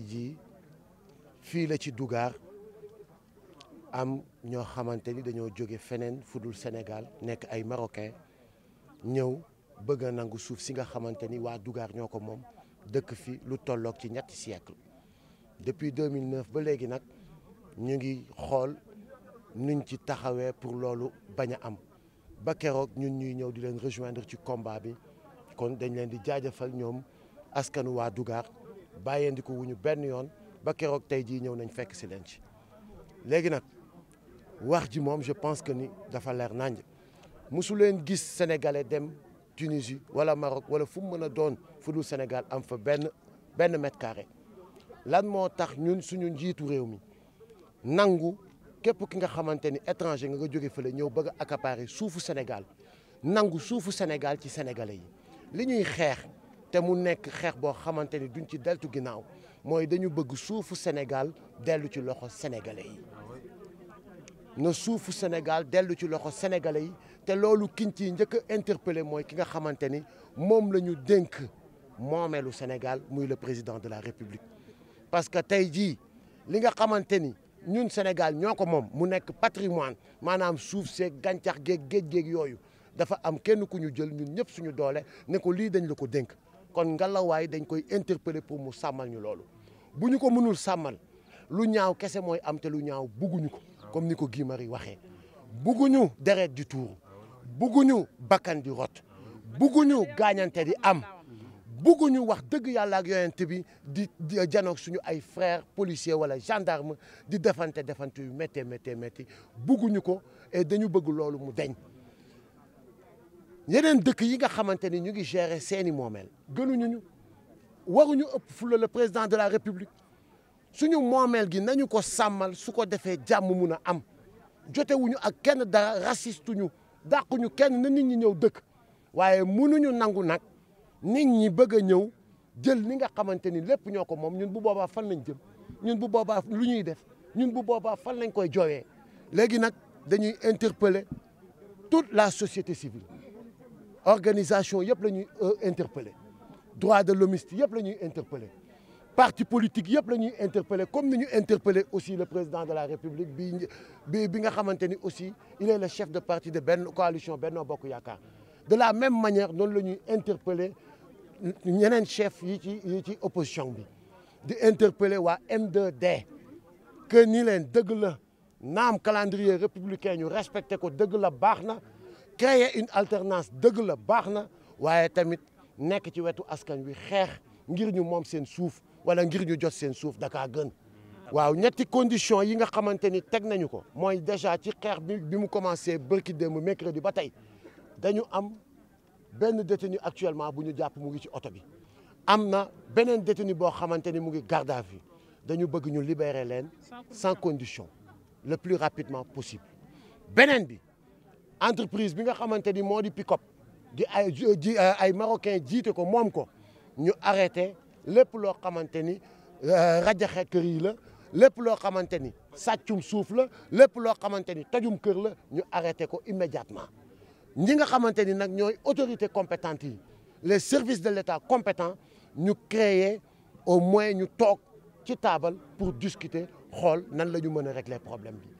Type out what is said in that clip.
tey fi la ci Dougar am ño xamanteni ni dañoo fenen fudul Sénégal nek ay marocain ñew bëgg a nangu suuf si nga xamanteni wa Dougar ñoo ko moom dëkk fi lu tollok ci ñetti siècle depuis 2009 ba légui nak ñu ngi xol nuñ ci taxawé pour lolu baña am ba kérok ñun ñuy ñew di leen rejoindre ci combat bi kon dañ leen di jaajëfal ñom askanu wa Dougar bàyyeendiku wuñu ben yoon ba kérok tey jii ñëw nañ fekk ci leen ci léegi nag wax ji mom je pense que ni dafa lèr nañ musu leen gis sénégalais dem Tunisie wala Maroc wala fu mëna doon fu du Sénégal am fa ben ben mètre carré lan moo tax ñun suñu njitu réew mi nangu képp ki nga xamante étranger nga joggé jóge ñew bëgg accaparer soufu Sénégal nangu soufu Sénégal ci sénégalais yi li ñuy xeex te mu nekk xeex boo xamante ni duñ ci deltu ginnaaw mooy dañu bëgg suufu Sénégal dellu ci loxo sénégalais yi na suufu Sénégal dellu ci loxo sénégalais yi te loolu kiñ ciy njëkk a ki nga xamante ni moom la Sénégal muy le président de la République parce que tey jii li nga xamante ñun Sénégal ñoo ko moom mu patrimoine manam suuf seeg gàncax géeg géej géeg dafa am kenn ku ñu jël ñun ñëpp suñu ko dañ la ko kon ngalawaay dañ koy interpeller pour mu sàmmal ñu loolu bu ñu ko mënul sàmmal lu ñaaw kese mooy am te lu ñaaw bugguñu ko comme ni ko giimari Marius waxee bugguñu deret di tuur tuuru bugguñu bakkan di rot bugguñu gaañante di am ñu wax dëgg yàlla ak yonent bi di di janoog suñu ay frères policiers wala gendarme di defante defante yu méttee méttee métti bugguñu ko et dañu bëgg loolu mu deñ yeneen dëkk yi nga xamante ñu ngi Nous waruñu le président de la république suñu moomeel gi nañu ko sàmmal su ko defee jàmm mun am jotewuñu ak kenn dara racistuñu dàquñu kenn na nit ñi ñëw dëkk waaye mënuñu nangu nag nit ñi bëgg a jël Nous nga xamante ni lépp ñoo ñun bu interpeller toute la société civile organisation yep, la ñuy euh, interpellés. droit de l'homiste yep, la ñuy interpellé parti politique yëpp la comme nous ñu interpellé aussi le président de la république bi bi aussi il est le chef de parti de la coalition Benno Bokk de la même manière nous avons interpellé ñeneen chef yi ci opposition bi interpellé M2D que nous avons dëgg calendrier républicain nous respecté ko dëgg la créer une alternance dëgg la baax na waaye tamit nekk ci wetu askan wi xeex ngir ñu moom seen suuf wala ngir ñu jot seen souf d'accord. gën waaw ñetti condition yi nga xamante ni teg nañu ko mooy déjà ci xeex bi bimu commencer commencé bërki démb mercredi bataille. D'ailleurs, dañu am benn détenu actuellement bu ñu jàpp mu ngi ci oto bi am na détenu bo comment ni mu ngi garde à vue dañu bëgg ñu libérer leen sans condition le plus rapidement possible Benendi. bi entreprise bi nga xamanteni modi pick-up di ay euh, ay marocain jiite ko mom ko ñu arrêté lepp lo xamanteni radja euh, rajaxe kër yi la lépp loo xamante ni sàccum suuf la lépp loo xamante ni kër la ñu arrêté ko immédiatement ñi nga xamanteni nak ñoy autorité autorités compétentes yi les services de l'État compétents ñu créer au moins ñu tok ci table pour discuter xol nan lañu mëna régler problème bi